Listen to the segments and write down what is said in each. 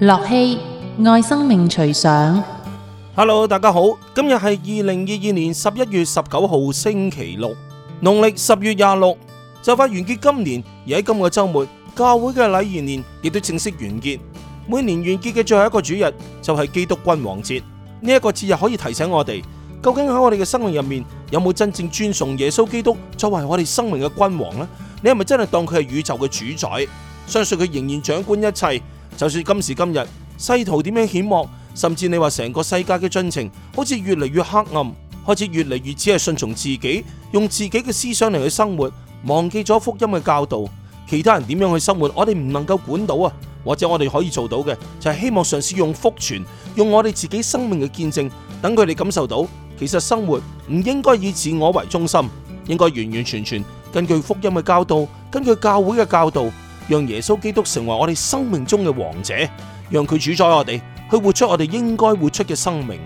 樂熙愛生命隨想，Hello，大家好，今日係二零二二年十一月十九號星期六，農曆十月廿六，就快完結今年，而喺今個周末教會嘅禮儀年亦都正式完結。每年完結嘅最後一個主日就係、是、基督君王節，呢、這、一個節日可以提醒我哋，究竟喺我哋嘅生命入面有冇真正尊崇耶穌基督作為我哋生命嘅君王呢？你係咪真係當佢係宇宙嘅主宰？相信佢仍然掌管一切。就算今時今日，世途點樣險惡，甚至你話成個世界嘅進程好似越嚟越黑暗，開始越嚟越只係順從自己，用自己嘅思想嚟去生活，忘記咗福音嘅教導，其他人點樣去生活，我哋唔能夠管到啊，或者我哋可以做到嘅就係、是、希望嘗試用福傳，用我哋自己生命嘅見證，等佢哋感受到，其實生活唔應該以自我為中心，應該完完全全根據福音嘅教導，根據教會嘅教導。讓耶穌基督成為我哋生命中嘅王者，讓佢主宰我哋，去活出我哋應該活出嘅生命。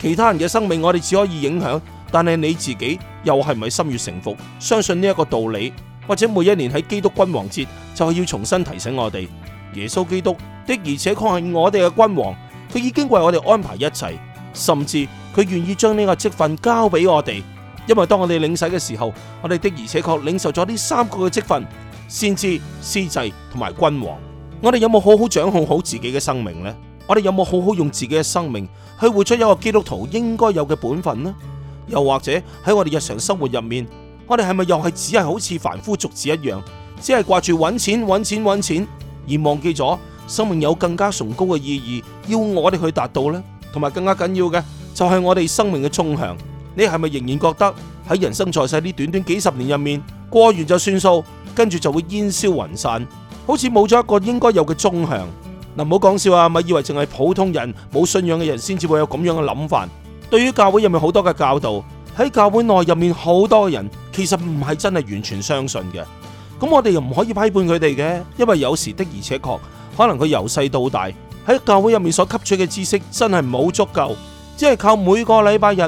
其他人嘅生命我哋只可以影響，但係你自己又係咪心悦誠服，相信呢一個道理？或者每一年喺基督君王節就係要重新提醒我哋，耶穌基督的而且確係我哋嘅君王，佢已經為我哋安排一切，甚至佢願意將呢個職份交俾我哋。因為當我哋領洗嘅時候，我哋的而且確領受咗呢三個嘅職份。先知、司祭同埋君王，我哋有冇好好掌控好自己嘅生命咧？我哋有冇好好用自己嘅生命去活出一個基督徒應該有嘅本分呢？又或者喺我哋日常生活入面，我哋係咪又係只係好似凡夫俗子一樣，只係掛住揾錢、揾錢、揾錢，而忘記咗生命有更加崇高嘅意義要我哋去達到呢？同埋更加緊要嘅就係我哋生命嘅沖向，你係咪仍然覺得喺人生在世呢？短短幾十年入面過完就算數。.跟住就會煙消雲散，好似冇咗一個應該有嘅忠向。嗱，唔好講笑啊，咪以為淨係普通人冇信仰嘅人先至會有咁樣嘅諗法。對於教會入面好多嘅教導喺教會內入面，好多人其實唔係真係完全相信嘅。咁我哋又唔可以批判佢哋嘅，因為有時的而且確可能佢由細到大喺教會入面所吸取嘅知識真係冇足夠，只係靠每個禮拜日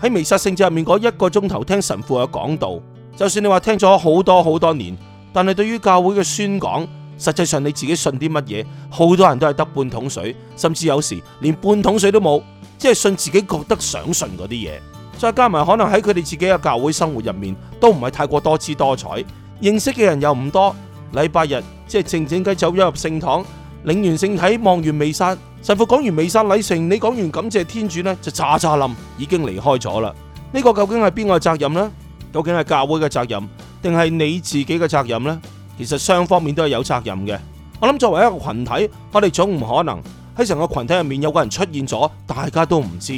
喺彌撒聖祭入面嗰一個鐘頭聽神父嘅講道。就算你話聽咗好多好多年。但係對於教會嘅宣講，實際上你自己信啲乜嘢，好多人都係得半桶水，甚至有時連半桶水都冇，即係信自己覺得想信嗰啲嘢。再加埋可能喺佢哋自己嘅教會生活入面，都唔係太過多姿多彩，認識嘅人又唔多。禮拜日即係靜靜雞走咗入聖堂，領完聖體，望完彌撒，神父講完彌撒禮成，你講完感謝天主呢，就咋咋冧，已經離開咗啦。呢、這個究竟係邊個責任呢？究竟係教會嘅責任？定係你自己嘅責任呢？其實雙方面都係有責任嘅。我諗作為一個群體，我哋總唔可能喺成個群體入面有個人出現咗，大家都唔知。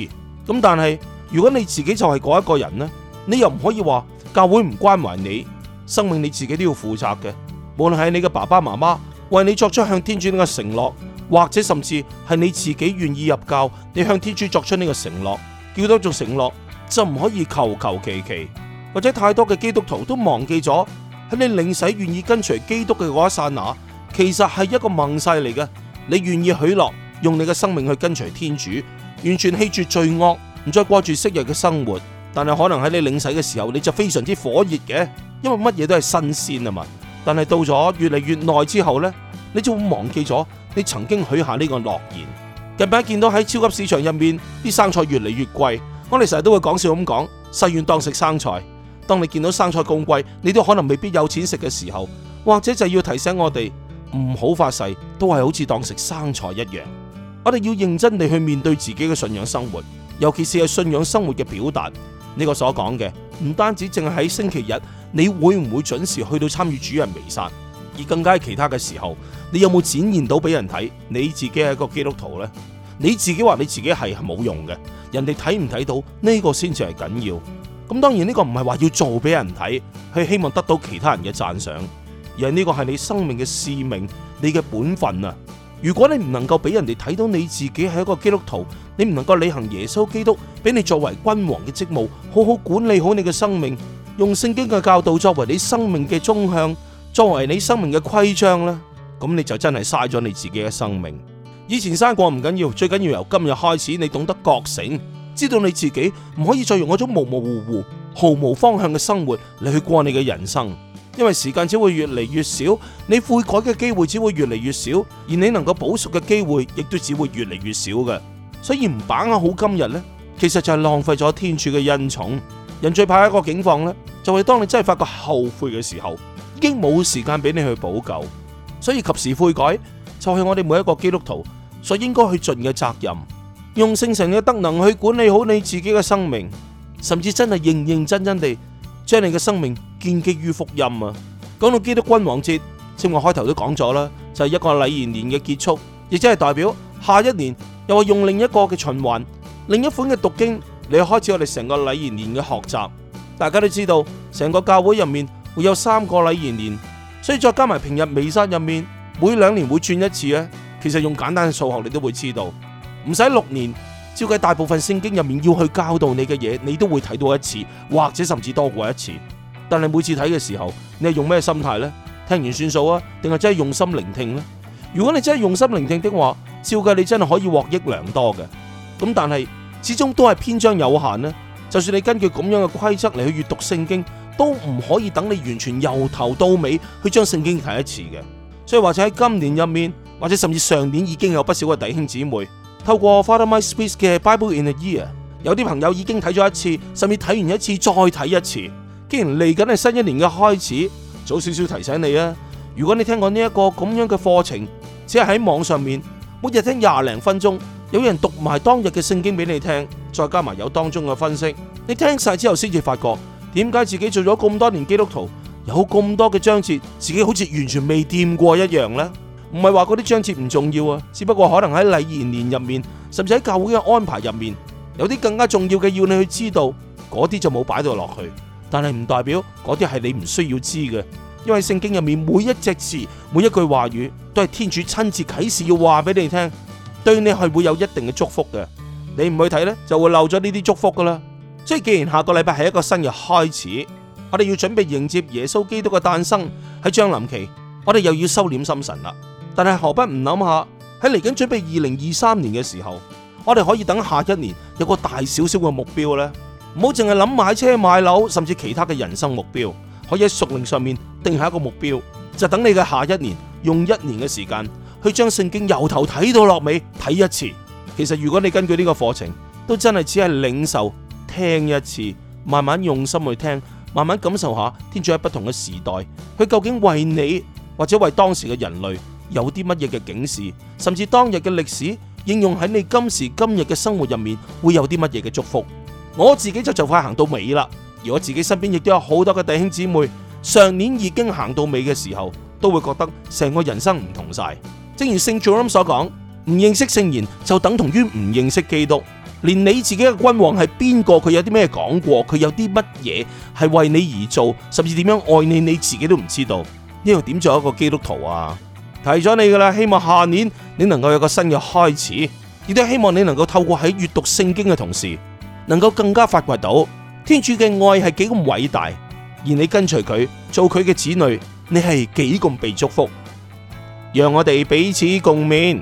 咁但係如果你自己就係嗰一個人呢，你又唔可以話教會唔關懷你，生命你自己都要負責嘅。無論係你嘅爸爸媽媽為你作出向天主呢個承諾，或者甚至係你自己願意入教，你向天主作出呢個承諾，叫到做承諾就唔可以求求其其。或者太多嘅基督徒都忘記咗喺你領洗願意跟隨基督嘅嗰一剎那，其實，係一個盟誓嚟嘅。你願意許諾用你嘅生命去跟隨天主，完全棄絕罪惡，唔再過住昔日嘅生活。但係可能喺你領洗嘅時候，你就非常之火熱嘅，因為乜嘢都係新鮮啊嘛。但係到咗越嚟越耐之後咧，你就會忘記咗你曾經許下呢個諾言。近排見到喺超級市場入面啲生菜越嚟越貴，我哋成日都會講笑咁講誓願當食生菜。當你見到生菜咁貴，你都可能未必有錢食嘅時候，或者就要提醒我哋唔好發誓，都係好似當食生菜一樣。我哋要認真地去面對自己嘅信仰生活，尤其是係信仰生活嘅表達呢個所講嘅，唔單止淨係喺星期日，你會唔會準時去到參與主日彌撒？而更加係其他嘅時候，你有冇展現到俾人睇你自己係一個基督徒呢？你自己話你自己係係冇用嘅，人哋睇唔睇到呢個先至係緊要。咁當然呢個唔係話要做俾人睇，係希望得到其他人嘅讚賞，而係呢個係你生命嘅使命，你嘅本分啊！如果你唔能夠俾人哋睇到你自己係一個基督徒，你唔能夠履行耶穌基督俾你作為君王嘅職務，好好管理好你嘅生命，用聖經嘅教導作為你生命嘅中向，作為你生命嘅規章咧，咁你就真係嘥咗你自己嘅生命。以前嘥過唔緊要，最緊要由今日開始，你懂得覺醒。知道你自己唔可以再用嗰種模模糊糊、毫無方向嘅生活嚟去過你嘅人生，因為時間只會越嚟越少，你悔改嘅機會只會越嚟越少，而你能夠補贖嘅機會亦都只會越嚟越少嘅。所以唔把握好今日咧，其實就係浪費咗天主嘅恩寵。人最怕一個境況咧，就係當你真係發覺後悔嘅時候，已經冇時間俾你去補救。所以及時悔改，就係我哋每一個基督徒所應該去盡嘅責任。用聖神嘅德能去管理好你自己嘅生命，甚至真係認認真真地將你嘅生命建基於福音啊！講到基督君王節，先我開頭都講咗啦，就係、是、一個禮儀年嘅結束，亦即係代表下一年又會用另一個嘅循環，另一款嘅讀經，嚟開始我哋成個禮儀年嘅學習。大家都知道，成個教會入面會有三個禮儀年，所以再加埋平日彌撒入面，每兩年會轉一次啊！其實用簡單嘅數學，你都會知道。唔使六年，照計大部分聖經入面要去教導你嘅嘢，你都會睇到一次或者甚至多過一次。但係每次睇嘅時候，你係用咩心態呢？聽完算數啊？定係真係用心聆聽呢？如果你真係用心聆聽的話，照計你真係可以獲益良多嘅。咁但係始終都係篇章有限呢。就算你根據咁樣嘅規則嚟去閱讀聖經，都唔可以等你完全由頭到尾去將聖經睇一次嘅。所以或者喺今年入面，或者甚至上年已經有不少嘅弟兄姊妹。透過 Father Mike Smith 嘅 Bible in a Year，有啲朋友已經睇咗一次，甚至睇完一次再睇一次。既然嚟緊係新一年嘅開始，早少少提醒你啊！如果你聽過呢一個咁樣嘅課程，只係喺網上面，每日聽廿零分鐘，有人讀埋當日嘅聖經俾你聽，再加埋有當中嘅分析，你聽晒之後先至發覺，點解自己做咗咁多年基督徒，有咁多嘅章節，自己好似完全未掂過一樣呢？唔係話嗰啲章節唔重要啊，只不過可能喺禮儀年入面，甚至喺教會嘅安排入面，有啲更加重要嘅要你去知道，嗰啲就冇擺到落去。但係唔代表嗰啲係你唔需要知嘅，因為聖經入面每一隻字、每一句話語都係天主親自啟示要話俾你聽，對你係會有一定嘅祝福嘅。你唔去睇呢，就會漏咗呢啲祝福噶啦。即係，既然下個禮拜係一個新嘅開始，我哋要準備迎接耶穌基督嘅誕生喺將臨期，我哋又要收斂心神啦。但係，何不唔諗下喺，嚟緊準備二零二三年嘅時候，我哋可以等下一年有個大少少嘅目標呢？唔好淨係諗買車、買樓，甚至其他嘅人生目標，可以喺屬靈上面定下一個目標，就等你嘅下一年用一年嘅時間去將聖經由頭睇到落尾睇一次。其實如果你根據呢個課程，都真係只係領受聽一次，慢慢用心去聽，慢慢感受下天主喺不同嘅時代，佢究竟為你或者為當時嘅人類。有啲乜嘢嘅警示，甚至當日嘅歷史應用喺你今時今日嘅生活入面，會有啲乜嘢嘅祝福？我自己就就快行到尾啦。而我自己身邊亦都有好多嘅弟兄姊妹，上年已經行到尾嘅時候，都會覺得成個人生唔同晒。正如聖保羅所講，唔認識聖言就等同於唔認識基督。連你自己嘅君王係邊個，佢有啲咩講過，佢有啲乜嘢係為你而做，甚至點樣愛你，你自己都唔知道，因為點做一個基督徒啊？提咗你㗎喇，希望下年你能夠有個新嘅開始，亦都希望你能夠透過喺閱讀聖經嘅同時，能夠更加發掘到天主嘅愛係幾咁偉大，而你跟隨佢，做佢嘅子女，你係幾咁被祝福，讓我哋彼此共勉。